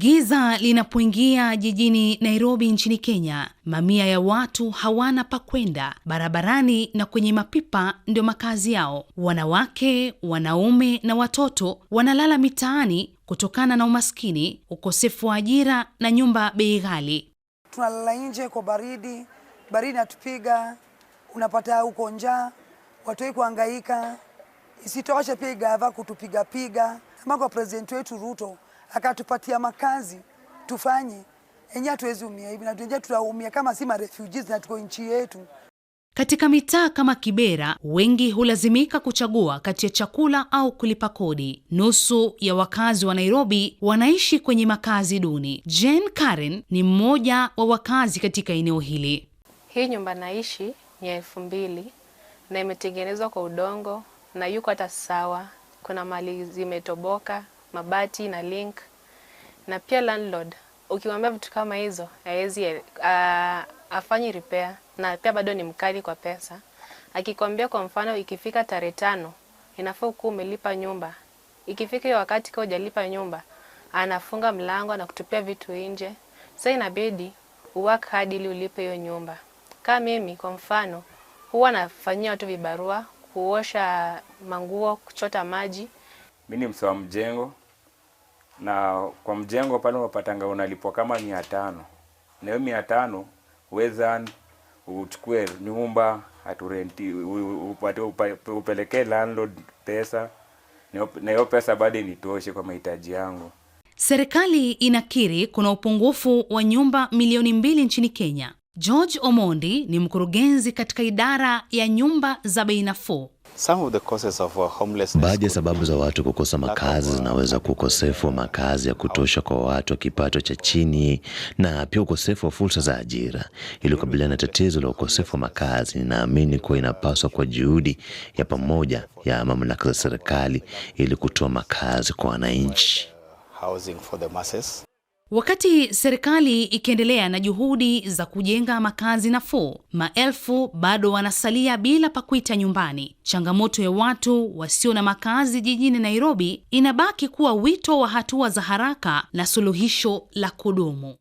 Giza linapoingia jijini Nairobi nchini Kenya, mamia ya watu hawana pa kwenda, barabarani na kwenye mapipa ndio makazi yao. Wanawake, wanaume na watoto wanalala mitaani kutokana na umaskini, ukosefu wa ajira na nyumba bei ghali. Tunalala nje kwa baridi, baridi natupiga, unapata uko njaa, watoi kuangaika. Isitoshe pia igava kutupigapiga, kama kwa president wetu Ruto akatupatia makazi tufanye enyewe, hatuwezi umia hivi na enyewe tutaumia kama si marefugees na tuko nchi yetu. Katika mitaa kama Kibera, wengi hulazimika kuchagua kati ya chakula au kulipa kodi. Nusu ya wakazi wa Nairobi wanaishi kwenye makazi duni. Jane Karen ni mmoja wa wakazi katika eneo hili. Hii nyumba naishi ni ya elfu mbili na imetengenezwa kwa udongo na yuko hata sawa, kuna mali zimetoboka mabati na link na pia landlord ukimwambia vitu kama hizo hawezi afanye ah, repair, na pia bado ni mkali kwa pesa. Akikwambia kwa mfano, ikifika tarehe tano inafaa ukuwa umelipa nyumba, ikifika hiyo wakati kwa hujalipa nyumba, anafunga mlango na kutupia vitu nje. Sasa inabidi uwak hadi ili ulipe hiyo nyumba. Kama mimi kwa mfano, huwa nafanyia watu vibarua, kuosha manguo, kuchota maji. Mimi ni msawa mjengo na kwa mjengo pale unapatanga unalipwa kama mia tano na hiyo mia tano wezan uchukue nyumba aturenti upate upelekee landlord pesa na hiyo pesa bado nitoshe kwa mahitaji yangu. Serikali inakiri kuna upungufu wa nyumba milioni mbili nchini Kenya. George Omondi ni mkurugenzi katika idara ya nyumba za bei nafuu. Baadhi ya sababu za watu kukosa makazi zinaweza kuwa ukosefu wa makazi ya kutosha kwa watu wa kipato cha chini na pia ukosefu wa fursa za ajira. Ili kukabiliana na tatizo la ukosefu wa makazi, ninaamini kuwa inapaswa kwa juhudi ya pamoja ya mamlaka za serikali ili kutoa makazi kwa wananchi. Wakati serikali ikiendelea na juhudi za kujenga makazi nafuu, maelfu bado wanasalia bila pa kuita nyumbani. Changamoto ya watu wasio na makazi jijini Nairobi inabaki kuwa wito wa hatua za haraka na suluhisho la kudumu.